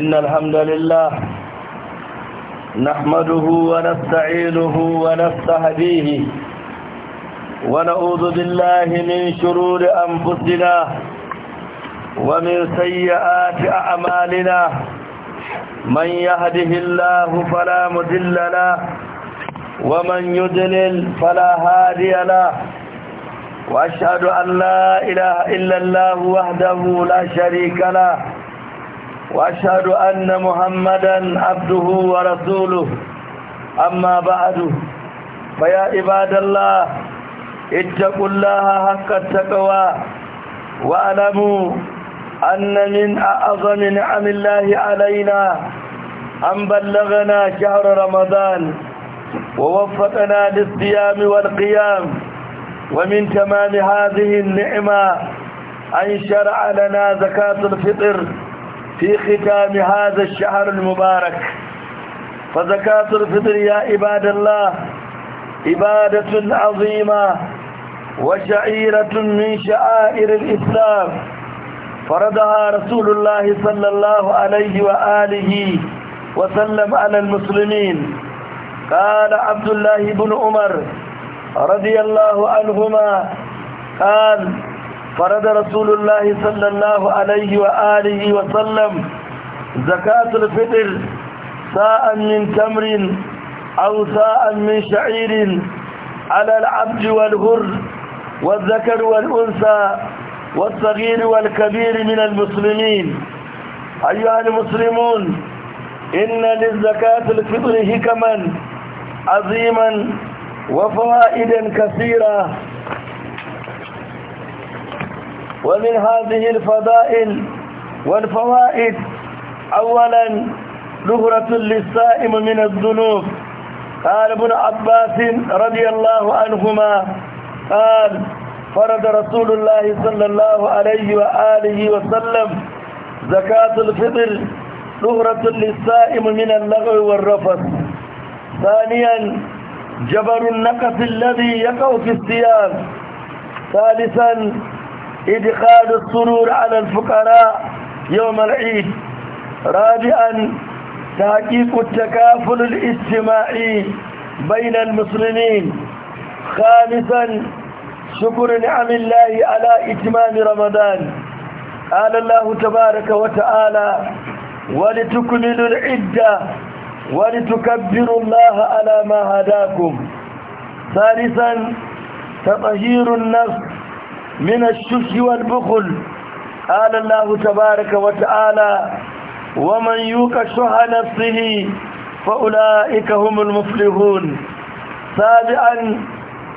إن الحمد لله نحمده ونستعينه ونستهديه ونعوذ بالله من شرور أنفسنا ومن سيئات أعمالنا من يهده الله فلا مذل له ومن يدلل فلا هادي له وأشهد أن لا إله إلا الله وحده لا شريك له وأشهد أن محمدا عبده ورسوله أما بعد فيا عباد الله اتقوا الله حق التقوى واعلموا أن من أعظم نعم الله علينا أن بلغنا شهر رمضان ووفقنا للصيام والقيام ومن تمام هذه النعمة أن شرع لنا زكاة الفطر في ختام هذا الشهر المبارك فزكاة الفطر يا عباد الله عبادة عظيمة وشعيرة من شعائر الإسلام فرضها رسول الله صلى الله عليه وآله وسلم على المسلمين قال عبد الله بن عمر رضي الله عنهما قال فرد رسول الله صلى الله عليه وآله وسلم زكاة الفطر ساء من تمر أو ساء من شعير على العبد والهر والذكر والأنثى والصغير والكبير من المسلمين أيها المسلمون إن للزكاة الفطر حكما عظيما وفوائدا كثيرة ومن هذه الفضائل والفوائد أولا ظهرة للسائم من الذنوب قال ابن عباس رضي الله عنهما قال فرض رسول الله صلى الله عليه وآله وسلم زكاة الفطر ظهرة للسائم من اللغو والرفث ثانيا جبر النقص الذي يقع في الثياب ثالثا إدخال السرور على الفقراء يوم العيد رابعا تحقيق التكافل الاجتماعي بين المسلمين خامسا شكر نعم الله على إتمام رمضان قال الله تبارك وتعالى ولتكملوا العدة ولتكبروا الله على ما هداكم ثالثا تطهير النفس من الشك والبخل قال الله تبارك وتعالى ومن يوق شح نفسه فأولئك هم المفلحون سابعا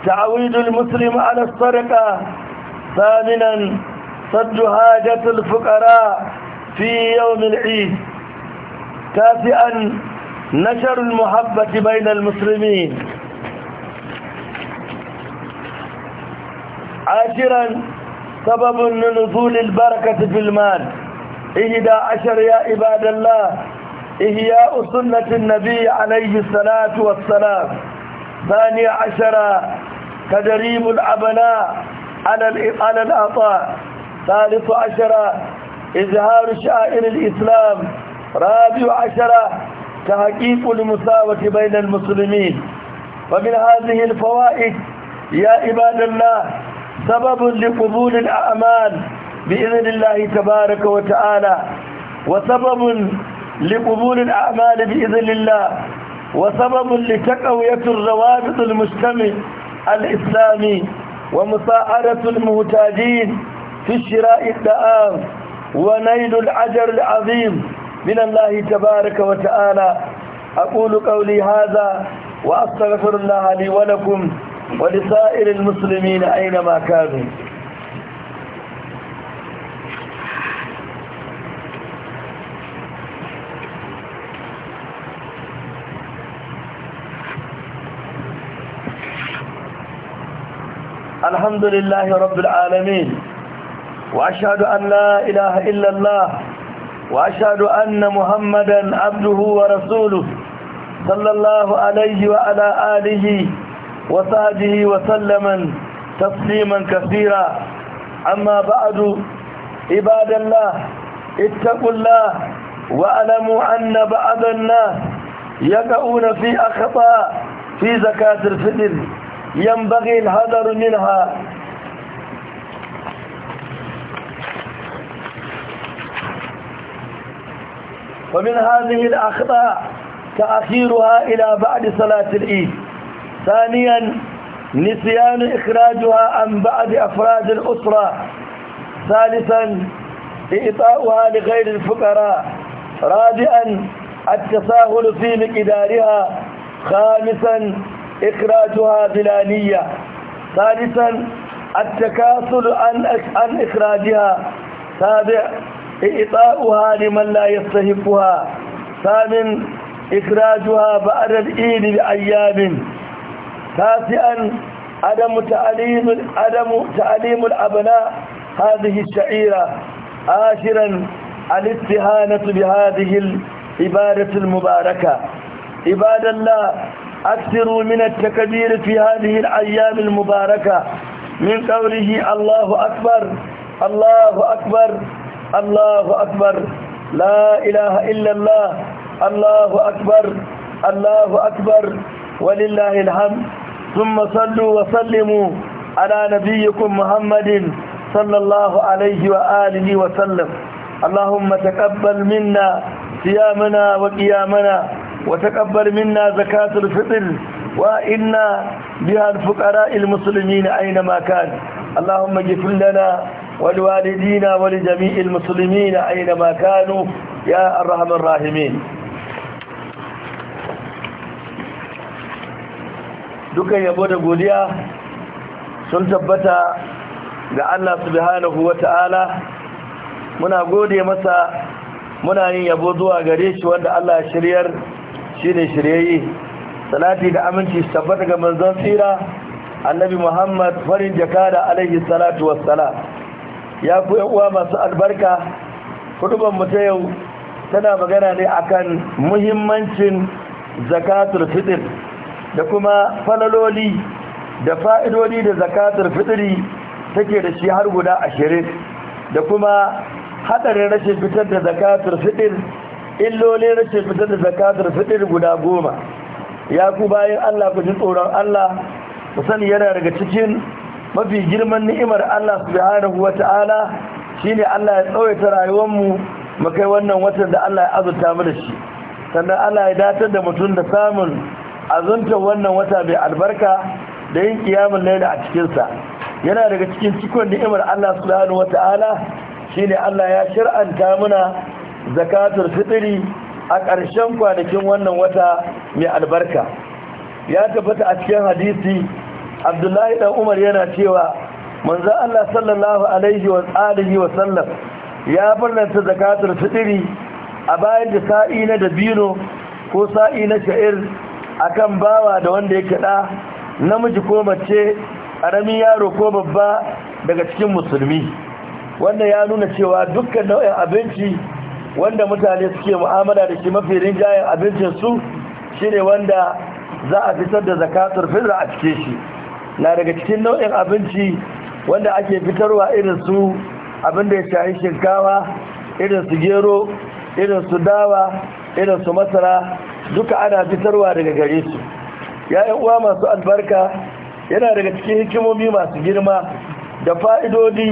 تعويد المسلم على السرقة ثامنا صد حاجة الفقراء في يوم العيد تاسعا نشر المحبة بين المسلمين عاشرا سبب لنزول البركة في المال إهدى عشر يا عباد الله إهياء سنة النبي عليه الصلاة والسلام ثاني عشر تدريب العبناء على على العطاء ثالث عشر إظهار شعائر الإسلام رابع عشر تحقيق المساواة بين المسلمين ومن هذه الفوائد يا عباد الله سبب لقبول الأعمال بإذن الله تبارك وتعالى وسبب لقبول الأعمال بإذن الله وسبب لتقوية الروابط المجتمع الإسلامي ومساعدة المحتاجين في الشراء الدعام ونيل العجر العظيم من الله تبارك وتعالى أقول قولي هذا وأستغفر الله لي ولكم ولسائر المسلمين أينما كانوا الحمد لله رب العالمين وأشهد أن لا إله إلا الله وأشهد أن محمدا عبده ورسوله صلى الله عليه وعلى آله وعلى آله وصحبه وسلم تسليما كثيرا أما بعد عباد الله اتقوا الله واعلموا أن بعض الناس يقعون في أخطاء في زكاة الفطر ينبغي الحذر منها ومن هذه الأخطاء تأخيرها إلى بعد صلاة العيد ثانيا نسيان إخراجها عن بعض أفراد الأسرة ثالثا إعطاؤها لغير الفقراء رابعا التساهل في مقدارها خامسا إخراجها بلا نية ثالثا التكاسل عن إخراجها سابع إعطاؤها لمن لا يستحقها ثامن إخراجها بعد الإيد بأيام ثالثا عدم تعليم عدم تعليم الابناء هذه الشعيره اخرا الاستهانه بهذه العباده المباركه عباد الله اكثروا من التكبير في هذه الايام المباركه من قوله الله اكبر الله اكبر الله اكبر لا اله الا الله الله اكبر الله اكبر ولله الحمد ثم صلوا وسلموا على نبيكم محمد صلى الله عليه وآله وسلم اللهم تقبل منا صيامنا وقيامنا وتقبل منا زكاة الفطر وإنا بها الفقراء المسلمين أينما كان اللهم اغفر لنا ولوالدينا ولجميع المسلمين أينما كانوا يا أرحم الراحمين dukan yabo da godiya sun tabbata ga Allah subhanahu wata'ala muna gode masa muna yin yabo zuwa gare shi wanda Allah shiryar shine shiryayye salati da aminci tabbata ga manzon tsira annabi Muhammad farin jakada alaihi salatu wassalam ya ku uwa masu albarka kuduban mu ta yau tana magana ne akan muhimmancin zakatul fitr da kuma falaloli da fa'idodi da zakatar fitiri take da shi har guda ashirin da kuma haɗarin rashin fitar da zakatar fitir illolin rashin fitar da zakatar fitir guda goma ya ku bayan Allah ku ji tsoron Allah ku sani yana daga cikin mafi girman ni'imar Allah ta'ala Shi ne Allah ya tsawaita rayuwar mu mu kai wannan watan da Allah ya azurta mu da shi sannan Allah ya datar da mutum da samun azunta wannan wata mai albarka da yin kiyamun laila a cikinsa yana daga cikin cikon ni'imar Allah subhanahu wata'ala shine Allah ya shir'anta muna zakatar fitri a ƙarshen kwanakin wannan wata mai albarka ya tabbata a cikin hadisi Abdullahi ɗan Umar yana cewa manzo Allah sallallahu alaihi wa wa sallam ya farlanta zakatar fitri a bayan da sa'i na dabino ko sa'i na sha'ir akan bawa da wanda ya da namiji ko mace aramin yaro ko babba daga cikin musulmi wanda ya nuna cewa dukkan nau'in abinci wanda mutane suke mu'amala da shi mafi rinjayen abincin su shine wanda za a fitar da zakatul fitr a cike shi na daga cikin nau'in abinci wanda ake fitarwa irin su abin da ya shahi shinkawa irin su gero irin su dawa irin su masara duka ana fitarwa daga gare su yayin uwa masu albarka yana daga cikin hikimomi masu girma da fa'idodi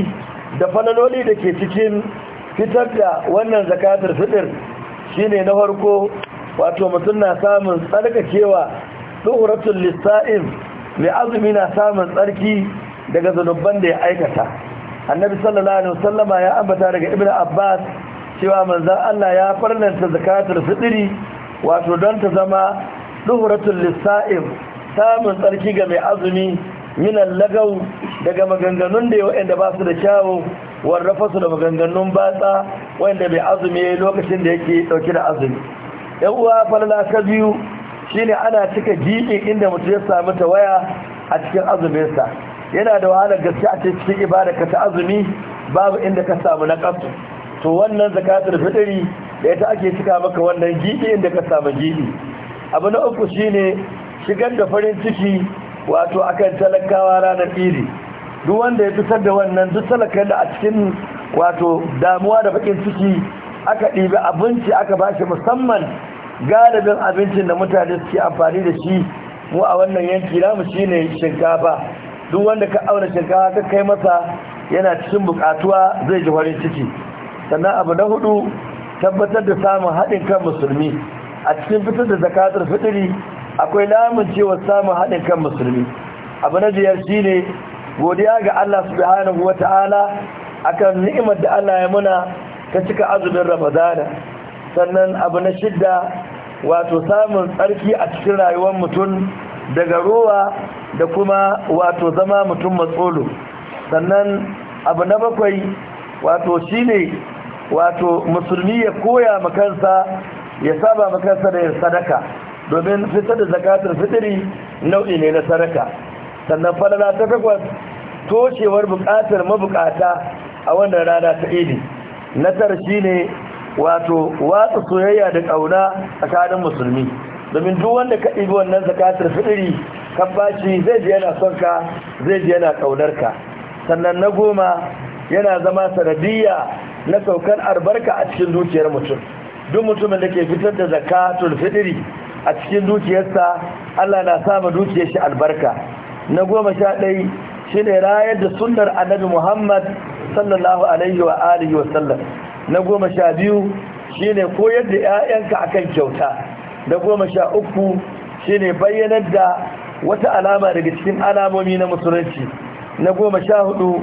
da falaloli da ke cikin fitar da wannan zakatar fitir shine na farko wato mutum na samun tsarkakewa tsohuratun lissa'in mai azumi na samun tsarki daga zanubban da ya aikata annabi sallallahu alaihi wasallama ya ambata daga ibnu abbas cewa manzon Allah ya farnanta zakatar fitiri wato don ta zama duhuratun lissa'im samun tsarki ga mai azumi minan lagau daga maganganun da yawa inda ba su da kyawu warrafa su da maganganun batsa wanda mai azumi ya yi lokacin da yake dauki da azumi Ɗan uwa falala ka biyu shi ne ana cika giki inda mutum ya samu ta waya a cikin azuminsa yana da wahalar gaske a cikin ibada ka ta azumi babu inda ka samu na to wannan zakatul fitri da ita ake cika maka wannan gibi inda ka samu gibi abu na uku shine shigar da farin ciki wato akan talakawa ranar iri duk wanda ya fitar da wannan duk talakan da a cikin wato damuwa da bakin ciki aka ɗibi abinci aka ba shi musamman galibin abincin da mutane suke amfani da shi mu a wannan yanki namu shine shinkafa duk wanda ka auna shinkafa ka kai masa yana cikin bukatuwa zai ji farin ciki sannan abu na hudu tabbatar da samun haɗin kan musulmi a cikin fitar da zakatar fitiri akwai lamun cewa samun haɗin kan musulmi abu na biyar shi ne godiya ga Allah subhanahu wa ta'ala akan ni'imar da Allah ya muna ta cika azumin ramadana sannan abu na shidda wato samun tsarki a cikin rayuwar mutum daga ruwa da kuma wato zama mutum matsolo sannan abu na bakwai wato shi ne. wato musulmi ya koya makansa ya saba makansa da sadaka domin fitar da zakatar fitiri nau'i ne na sadaka sannan falala ta takwas toshewar bukatar mabukata a wannan rana ta idi na shi ne wato watsa soyayya da ƙauna tsakanin musulmi domin duk wanda ka ɗibi wannan zakatar fitiri kan bashi zai ji yana son ka zai ji yana kaunar ka sannan na goma yana zama sanadiyya na saukan albarka a cikin dukiyar mutum duk mutumin da ke fitar da zakatul fitri a cikin dukiyarsa Allah na sama dukiyar shi albarka na goma sha ɗai shi rayar da sunnar annabi Muhammad sallallahu alaihi wa alihi wa sallam na goma sha biyu shi koyar da 'ya'yanka akan kyauta na goma sha uku shi bayyanar da wata alama daga cikin alamomi na musulunci na goma sha hudu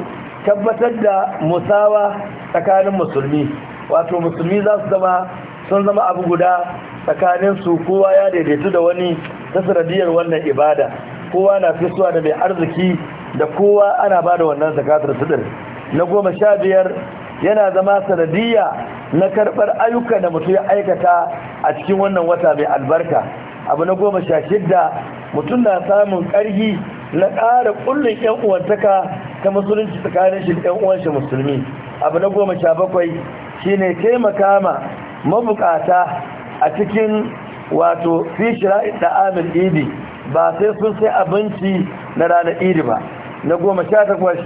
tabbatar da musawa tsakanin musulmi wato musulmi za su zama sun zama abu guda tsakanin su kowa ya daidaitu da wani ta sanadiyar wannan ibada kowa na fisuwa da mai arziki da kowa ana ba da wannan zakatar sidir na goma sha biyar yana zama sanadiyya na karɓar ayyuka da mutum ya aikata a cikin wannan wata mai albarka abu na goma sha shidda mutum na samun ƙarfi na ƙara ƙullin 'yan uwantaka ta musulunci tsakanin shi da uwan shi musulmi abu na goma sha bakwai shine taimaka ma mabukata a cikin wato fi shira'i da amil idi ba sai sun sai abinci na ranar idi ba na goma sha takwas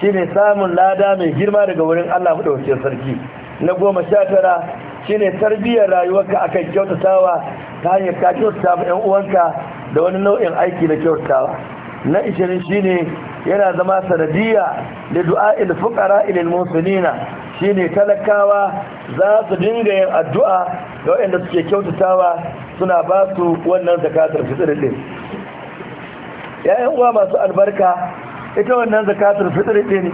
shine samun lada mai girma daga wurin Allah ɗauke sarki na goma sha tara shine tarbiyyar rayuwarka akan kyautatawa ta hanyar ka kyautata ma 'yan uwanka da wani nau'in aiki na kyautatawa na ishirin shine yana zama sanadiyya da il fuqara al musulina shine talakawa za su dinga yin addu'a ga waɗanda suke kyautatawa suna ba su wannan zakatar fitr din yayin uwa masu albarka ita wannan zakatar fitr din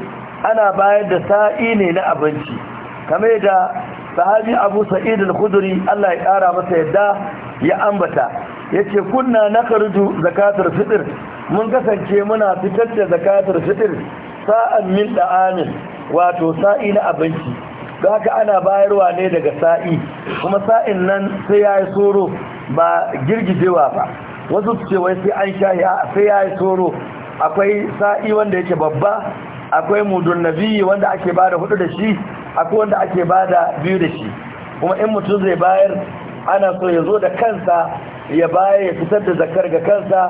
ana bayar da sa'i ne na abinci kamar da sahabi Abu Sa'id al-Khudri Allah ya kara masa yadda ya ambata yace kunna nakarju zakatar fitr mun kasance muna fitar da zakatar fitir sa'an min da'amin wato sa'i na abinci ga haka ana bayarwa ne daga sa'i kuma sa'in nan sai ya yi soro ba girgijewa ba wasu ce wai sai an sha sai ya yi soro akwai sa'i wanda yake babba akwai mudun nabi wanda ake ba da hudu da shi akwai wanda ake ba da biyu da shi kuma in mutum zai bayar ana so ya zo da kansa ya baya ya fitar da zakar ga kansa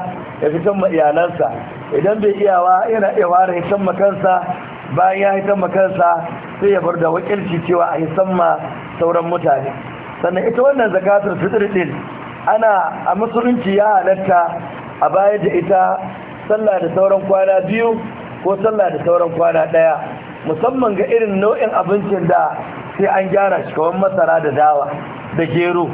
ya fitar ma iyalansa idan bai iyawa yana iya fara hitar ma kansa bayan ya hitar ma kansa sai ya bar da wakilci cewa a hisan ma sauran mutane sannan ita wannan zakatar fitar din ana a musulunci ya halatta a bayar da ita sallah da sauran kwana biyu ko sallah da sauran kwana ɗaya musamman ga irin nau'in abincin da sai an gyara shi kamar masara da dawa da gero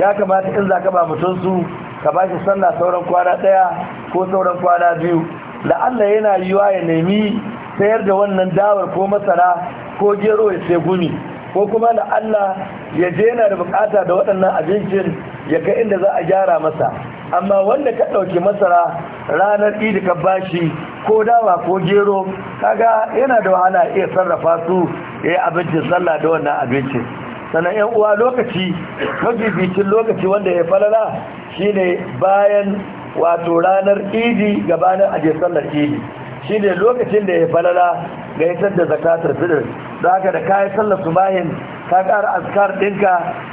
ya kamata in za ka ba mutum su ka ba shi sallah sauran kwana ɗaya ko sauran kwana biyu la'alla yana yiwa ya nemi sayar da wannan dawar ko masara ko gero ya sai gumi ko kuma la'alla ya je yana da bukata da waɗannan abincin ya kai inda za a gyara masa amma wanda ka ɗauki masara ranar idi ka bashi ko dawa ko gero kaga yana da wahala iya sarrafa su ya yi abincin sallah da wannan abincin sannan yan uwa lokaci mabibicin lokaci wanda ya falala shine bayan wato ranar idi gabanin aje sallar idi shine lokacin da ya falala ga yatar da zakatar Za zaka da kayan sallar subahin ka ƙara azkar ɗinka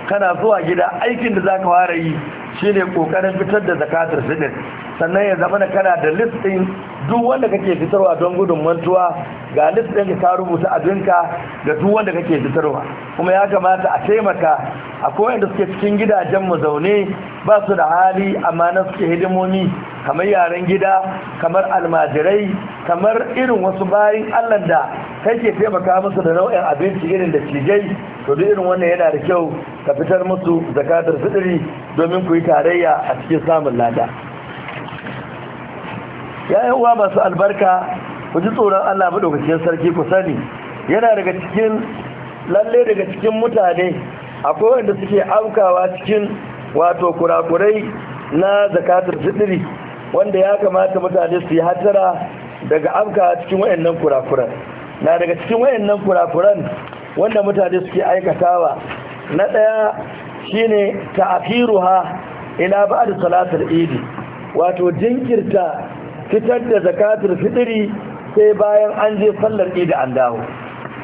kana zuwa gida aikin da zaka fara yi Shi ne kokarin fitar da zakatar fitr sannan ya zama kana da list ɗin duk wanda kake fitarwa don gudun mantuwa ga list ɗin ka rubuta abinka da duk wanda kake fitarwa kuma ya kamata a taimaka akwai wanda suke cikin gidajen mu zaune ba su da hali amma na suke hidimomi kamar yaren gida kamar almajirai kamar irin wasu bayan Allah da kake taimaka musu da nau'in abinci irin da cijai to duk irin wannan yana da kyau ka fitar musu zakatar fitiri domin ku yi tarayya a cikin samun lada yayan uwa masu albarka ku ji tsoron Allah madaukakin sarki ku sani yana daga cikin lalle daga cikin mutane akwai wanda suke aukawa cikin wato kurakurai na zakatar fitiri wanda ya kamata mutane su yi hatara daga amka cikin wayannan kurakuran na daga cikin wayannan kurakuran wanda mutane suke aikatawa na ɗaya shine ta'khiruha ila da salatul idi. wato jinkirta fitar da zakatul fitri sai bayan an je sallar eid an dawo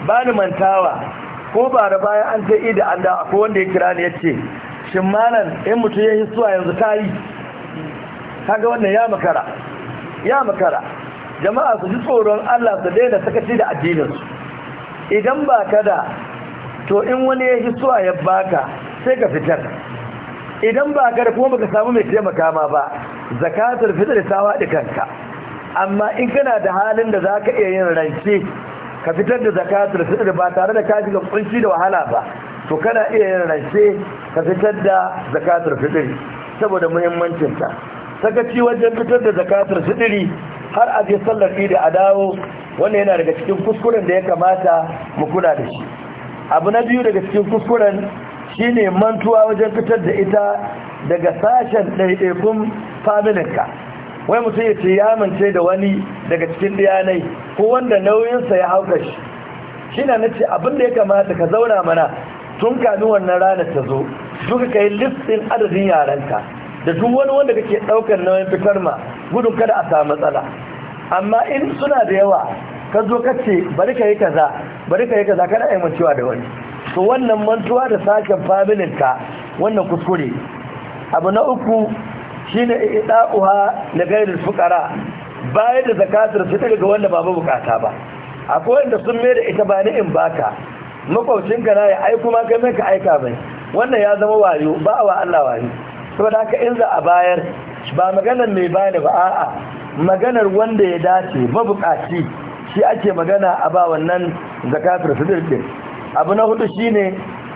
bani mantawa ko ba da bayan an je eid an dawo ko wanda ya kira ne yace shin malam in mutu ya hisuwa yanzu tayi kaga wannan ya makara ya makara jama'a su ji tsoron Allah su daina sakaci da addinin su. idan ba kada. to in wani ya a yabba ka sai ka fitar idan ba ka da kuma baka samu mai taimaka ma ba zakatar fitar ta waɗi kanka amma in kana da halin da za ka iya yin rance ka fitar da zakatar fitar ba tare da ka shiga kunci da wahala ba to kana iya yin rance ka fitar da zakatar fitar saboda muhimmancinta sakaci wajen fitar da zakatar fitar har a je sallar idi a dawo wanda yana daga cikin kuskuren da ya kamata mu kula da shi abu na biyu daga cikin kuskuren ne mantuwa wajen fitar da ita daga sashen ɗaiɗaikun familinka wai mutum ya ce ya amince da wani daga cikin ɗiyanai ko wanda nauyinsa ya hauka shi shi na nace abin da ya kamata ka zauna mana tun kami wannan ranar ta zo duka ka yi listin adadin yaranka da duk wani wanda kake ɗaukar nauyin fitar ma gudun kada a samu matsala amma in suna da yawa ka zo ka ce bari ka yi kaza bari ka yi kaza ai aimancewa da wani to wannan mantuwa da sake familin ka wannan kuskure abu na uku shine ida'uha na gairin fukara bayar da zakatar su ta ga wanda babu bukata ba akwai wanda sun mai da ita ba ni in baka Makaucin ka na ya kuma ma mai ka aika bai wannan ya zama wayo ba wa Allah wayo saboda haka in za a bayar ba maganar mai bayar ba a'a maganar wanda ya dace mabukaci shi ake magana a ba wannan zakatar su abu na hudu shi ne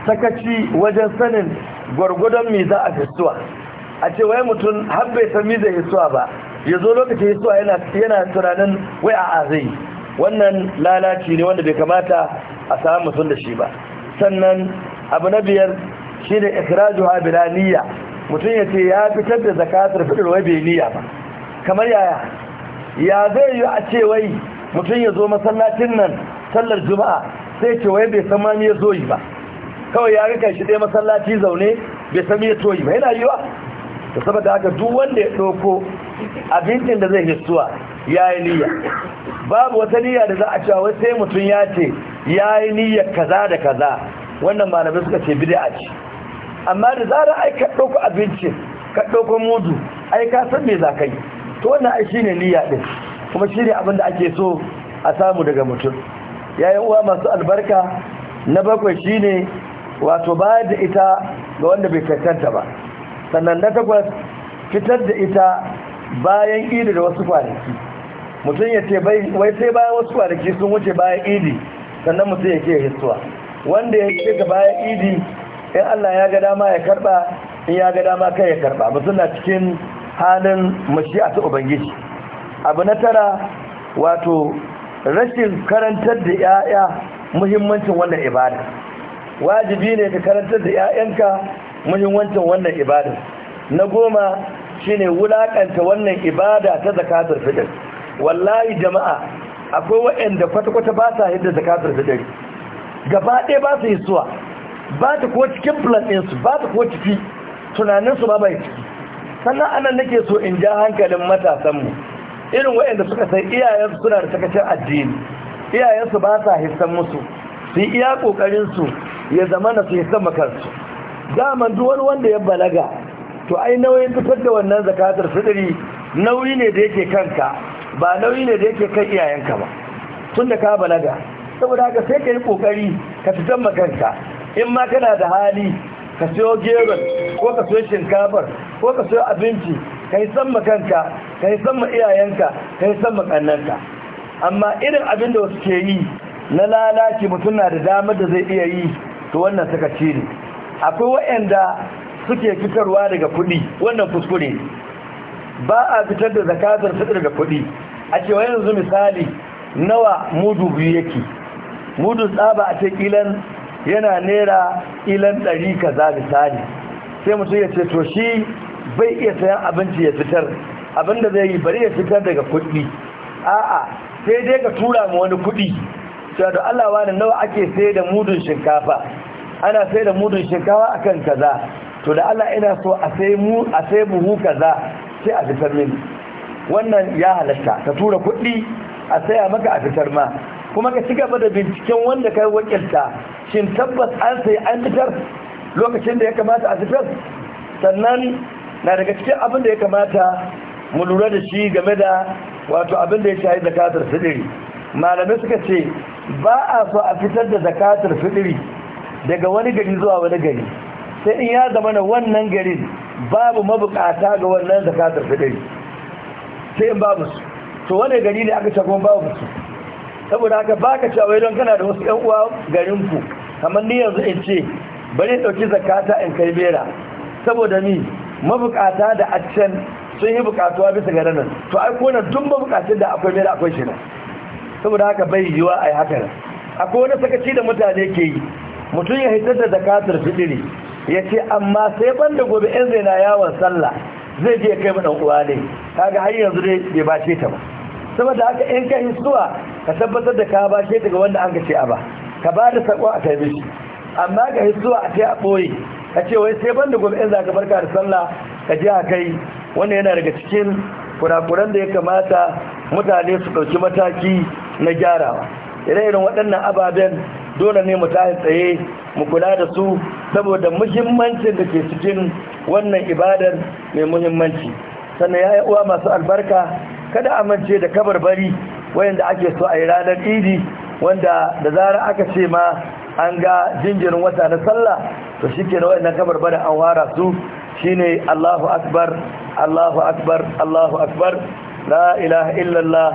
sakaci wajen sanin gwargwadon me za a fisuwa a ce wai mutum har bai san mi zai hisuwa ba ya zo lokacin hisuwa yana tunanin wai a zai wannan lalaci ne wanda bai kamata a samu mutum da shi ba sannan abu na biyar shine ikraju ha bilaniya mutum ya ce ya fitar da zakatar fidir wai bai niyya ba kamar yaya ya zai yi a ce wai mutum ya zo masallacin nan sallar juma'a sai ce wai bai san ma ya zo yi ba kawai ya rika shi ɗaya masallaci zaune bai san ya to yi ba yana yiwa da saboda haka duk wanda ya ɗauko abincin da zai hissuwa ya yi niyya babu wata niyya da za a cewa wai sai mutum ya ce ya yi niyya kaza da kaza wannan malamai suka ce bid'a ce amma da zarar ai ka ɗauko abincin ka ɗauko mudu ai ka san me za ka yi to wannan ai shine niyya ɗin kuma shi ne abinda ake so a samu daga mutum yayin uwa masu albarka na bakwai shi ne wato bayar da ita ga wanda bai cancanta ba sannan na takwas fitar da ita bayan idi da wasu kwanaki mutum ya ce wai sai bayan wasu kwanaki sun wuce bayan idi sannan mutum ya ke hisuwa wanda ya ce ga bayan idi in allah ya ga dama ya karba in ya ga dama kai ya karba mutum na cikin halin mashi a ta ubangiji abu na tara wato rashin karantar da 'ya'ya muhimmancin wannan ibada wajibi ne ka karantar da 'ya'yanka muhimmancin wannan ibada na goma shine wulakanta wannan ibada ta zakatul fitr wallahi jama'a akwai waɗanda kwata-kwata ba sa yadda zakatul fitr gaba ɗaya ba su yi suwa ba ta ko cikin plan ba ta ko ciki tunaninsu ba bai ciki sannan anan nake so in ja hankalin matasanmu irin waɗanda suka san iyayensu suna da takashin addini iyayensu ba sa hissan musu su iya ƙoƙarinsu ya zama na su hissan makarsu daman duk wani wanda ya balaga to ai nauyin fitar da wannan zakatar fitiri nauyi ne da yake kanka ba nauyi ne da yake kan iyayenka ba tun da ka balaga saboda haka sai ka yi ƙoƙari ka fitar makarka in ma kana da hali ka siyo gero ko ka siyo shinkafar ko ka siyo abinci kai san ma kanka kai san ma iyayenka kai san ma kannanka amma irin abin da wasu yi na lalaci mutum na da damar da zai iya yi to wannan suka ci ne akwai waɗanda suke fitarwa daga kuɗi wannan kuskure ba a fitar da zakatar fitar daga kuɗi a cewa yanzu misali nawa mudu biyu yake mudu tsaba a ce ilan yana nera ilan ɗari kaza misali sai mutum ya ce to shi bai iya sayan abinci ya fitar abinda zai yi bari ya fitar daga kuɗi a'a sai dai ka tura mu wani kuɗi cewa da Allah wani nawa ake sai da mudun shinkafa ana sai da mudun shinkafa akan kaza to da Allah ina so a sai mu a sai buhu kaza sai a fitar mini wannan ya halatta ka tura kuɗi a saya maka a fitar ma kuma ka ci gaba da binciken wanda kai wakilta shin tabbas an sai an fitar lokacin da ya kamata a fitar sannan na daga cikin abin da ya kamata mu lura da shi game da wato abin da ya shayi zakatar fidiri malamai suka ce ba a so a fitar da zakatar fidiri daga wani gari zuwa wani gari sai in ya zama na wannan garin babu mabukata ga wannan zakatar fidiri sai in babu su to wani gari ne aka shagon babu su saboda haka baka cewa don kana da wasu yan uwa garin ku kamar ni yanzu in ce bari in dauki zakata in kai bera saboda ni mabukata da a can sun yi bukatuwa bisa ga nan to ai kona duk mabukatun da akwai mai da akwai shi saboda haka bai yiwa ai haka nan akwai wani sakaci da mutane ke yi mutum ya hitar da zakatar fitiri ya ce amma sai ban da gobe in zai na yawon sallah zai je kai mu uwa ne kaga har yanzu dai bai bace ta ba saboda haka in ka suwa, ka tabbatar da ka bace ta ga wanda an ce a ba ka ba da sako a kai mishi amma ga hisuwa a ce a ɓoye a ce wai sai banda gobe in za ka barka da sallah ka ji a kai wanda yana daga cikin kurakuran da ya kamata mutane su ɗauki mataki na gyarawa ire-iren waɗannan ababen dole ne mu tashi tsaye mu kula da su saboda muhimmancin da ke cikin wannan ibadar mai muhimmanci sannan ya uwa masu albarka kada amince da kabar-bari, kabarbari wayanda ake so a yi ranar idi wanda da zarar aka ce ma an ga jinjirin wata na sallah to shi ke nawa na kamar bada an wara su shi ne allahu akbar allahu akbar allahu akbar la ilaha illallah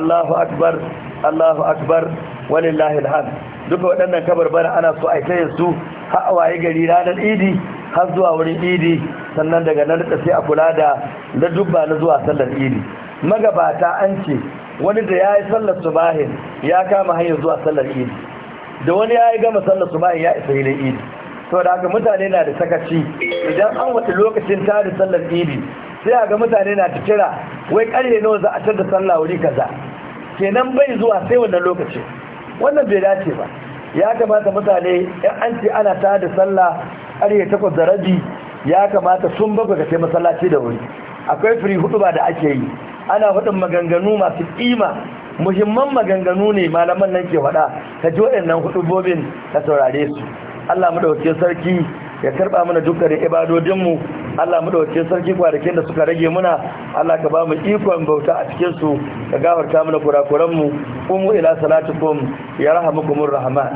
allahu akbar allahu akbar lahil alhamd duka waɗannan kamar bada ana so a ita su ha'awaye gari ranar idi har zuwa wurin idi sannan daga nan da sai a kula da na dubba na zuwa sallar idi magabata an ce wani da ya yi sallar subahin ya kama hanyar zuwa sallar idi da wani ya yi gama sallar subahin ya isa yi idi to da ga mutane na da sakaci idan an wata lokacin ta da sallar idi sai ga mutane na ta kira wai karye nawa za a tar da sallah wuri kaza kenan bai zuwa sai wannan lokaci wannan bai dace ba ya kamata mutane in an ce ana ta da sallah karye takwas da rabi ya kamata sun bakwai ka sai masallaci da wuri akwai firi hudu ba da ake yi ana hudun maganganu masu kima muhimman maganganu ne malaman nan ke faɗa ka ji waɗannan hudu bobin ka saurare su Allah mu dauke sarki ya karba mana dukkanin ibadodin mu Allah sarki kwanakin da suka rage muna Allah ka ba mu ikon bauta a cikin su ka gawarta mana kurakuran mu umu ila salatikum ya rahamukumur rahman